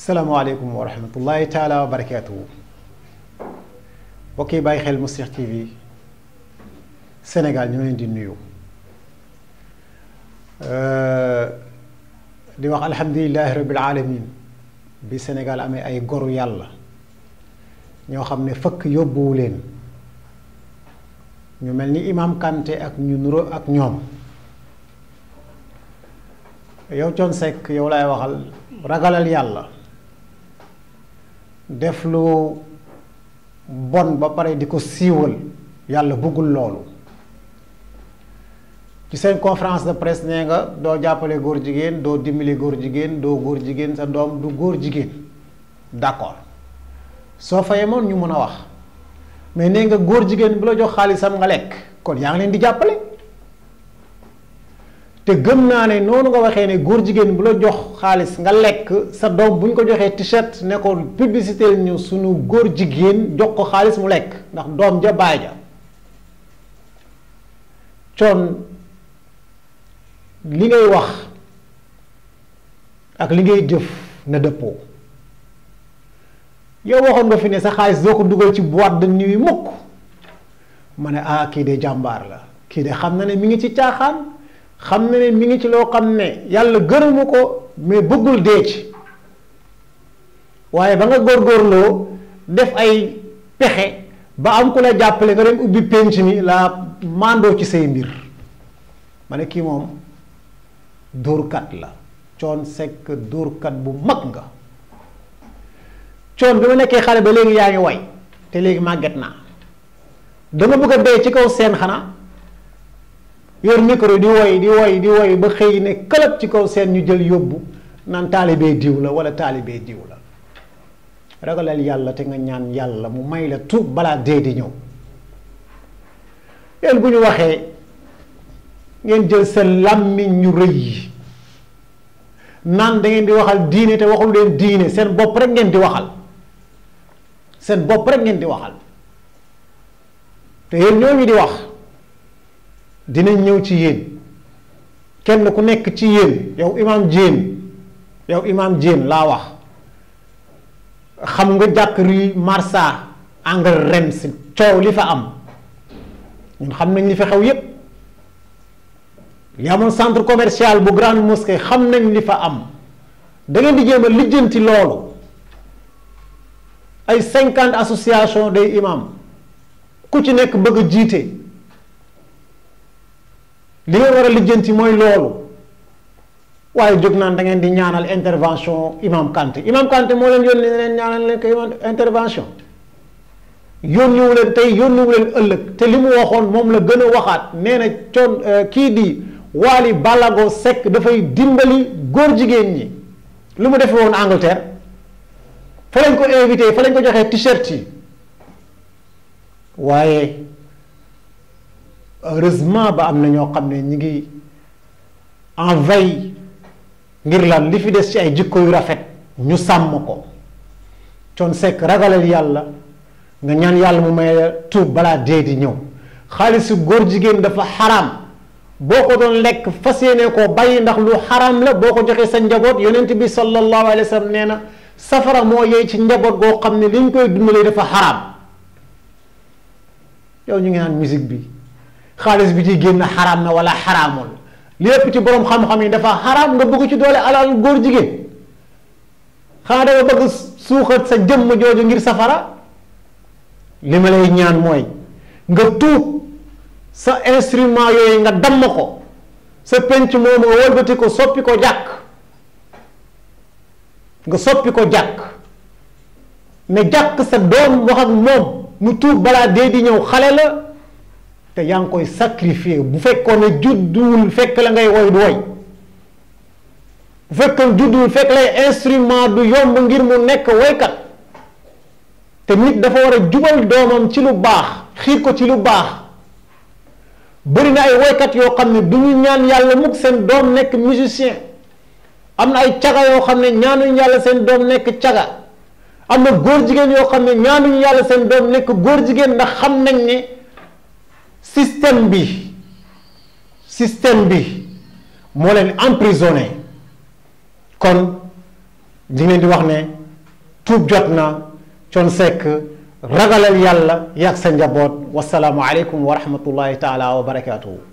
salaamaaleykum wa rahmatullahi taala wa barakaatuhu bokk yi bàyyi xel Mouslih TV Sénégal ñu leen di nuyu euh, di wax alhamdulilahi rabbil alamin bi Sénégal amee ay goru yàlla ñoo xam ne fëkk yóbbuwu leen ñu mel ni Imam Kanté ak ñu nuro ak ñoom yow Thione yow lay waxal ragalal yàlla def lu bon ba pare di ko siiwal yàlla buggul loolu ci seen conférence de presse nee nga doo jàppale góor jigéen doo dimbali góor jigéen doo góor jigéen sa doom du góor jigéen d'accord soo fa yemoon ñu mun a wax mais nee nga góor jigéen bu la jox xaalisam nga lekk kon yaa ngi leen di jàppale te gëm naa ne noonu nga waxee ne góor jigéen bu la jox xaalis nga lekk sa doom bu ñu ko joxee t-shirt ne ko publicité ñu suñu góor jigéen jox ko xaalis mu lekk ndax doom ja baay ja coon li ngay wax ak li ngay jëf na dëppoo yow waxoon nga fi ne sa xaalis doo ko dugal ci boîte de mukk ma ne ah kii de jàmbaar la kii de xam na ne mi ngi ci caaxaan xam na ne mi ngi ci loo xam ne yàlla gërëmu ko mais bëggul dee ci waaye ba nga góorgóorloo def ay pexe ba am ku la jàppale nga dem ubbi pénc mi laa màndoo ci say mbir ma ne kii moom dóorkat la coon sekk dóorkat bu mag nga coon bi ma nekkee xale ba léegi yaa ngi woy te léegi màgget naa dama bëgg a dee ci kaw seen xanaa yor micro di woy di woy di ba xëy ne këlëb ci kaw seen ñu jël yóbbu naan taalibee diw la wala taalibee diw la ragalal yàlla te nga ñaan yàlla mu may la tuub balaa dee di ñëw leen bu ñu waxee ngeen jël seen làmmiñ ñu rëy yi naan dangeen di waxal diine te waxul leen diine seen bopp rek ngeen di waxal seen bopp rek ngeen di waxal te yéen ñooñu di wax dinañ ñëw ci yéen kenn ku nekk ci yéen yow imaam jéen yow imaam jéen laa wax xam nga jàkk rue Marsa engrais ren si coow li fa am ñun xam nañ li fa xew yépp li amoon centre commercial bu grande mosquée xam nañ li fa am da ngeen di jéem a lijjanti loolu ay cinquante association de imams ku ci nekk bëgg a jiite li may war a lijjanti mooy loolu waaye jóg naan da ngeen di ñaanal intervention imam Kanté imam Kanté moo leen yónni leen ñaanal leen ko intervention yónniwu leen tey yónniwu leen ëllëg te li mu waxoon moom la gën a waxaat nee na coon euh, kii di waali Ballago Seck dafay dimbali góor jigéen ñi lu mu defee woon Angleterre fa lañ ko invité fa lañ ko joxee t-shirt yi waaye heureusement ba am na ñoo xam ne ñi ngi en ngir lan li fi des ci ay jikko yu rafet ñu sàmm ko Thione Seck ragalal yàlla nga ñaan yàlla mu may tuub balaa dee di ñëw xaalisu góor jigéen dafa xaram boo ko doon lekk fas yéene koo bàyyi ndax lu xaram la boo ko joxee sa njaboot yonent bi sallallahu alayhi wa sallam nee na safara moo yey ci njaboot goo xam ne li ñu koy dundalee dafa xaraam yow ñu ngi naan musique bi xaalis bi ci génn xaraam na wala xaraamul lépp ci boroom xam-xam yi dafa xaraam nga bëgg ci doole alal góor jigéen xanaa da bëgg suuxat sa jëmm jooju ngir safara li ma lay ñaan mooy nga tuub sa instriment yooyu nga damm ko sa penc moomu nga wëlbati ko soppi ko jàkk nga soppi ko jàkk ne jàkk sa doom wax moom mu tuub balaa dee di ñëw xale la te yaa ngi koy sacrifié bu fekkoon ne judduwul fekk la ngay woy du woy bu fekkoon judduwul fekk lay instrument du yomb ngir mu nekk woykat te nit dafa war a jubal doomam ci lu baax xiir ko ci lu baax bëri na ay woykat yoo xam ne du ñu ñaan yàlla mukk seen doom nekk musicien am na ay caga yoo xam ne ñaanuñu yàlla seen doom nekk caga am na góor jigéen yoo xam ne ñaanuñu yàlla seen doom nekk góor jigéen ndax xam nañ ne système bi système bi moo leen emprisonné kon di di wax ne tuub jot na Thione Seck ragalal yàlla yàgg sa njaboot wasalaamualeykum wa rahmatullahi taala wa barakaatuhu